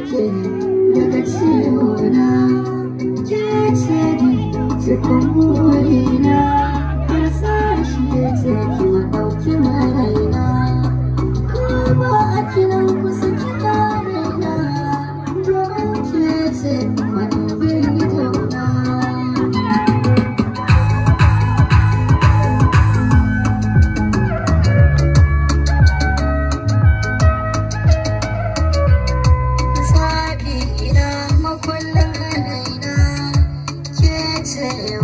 take daga ciwona ke ce ni cikin burina I tell you.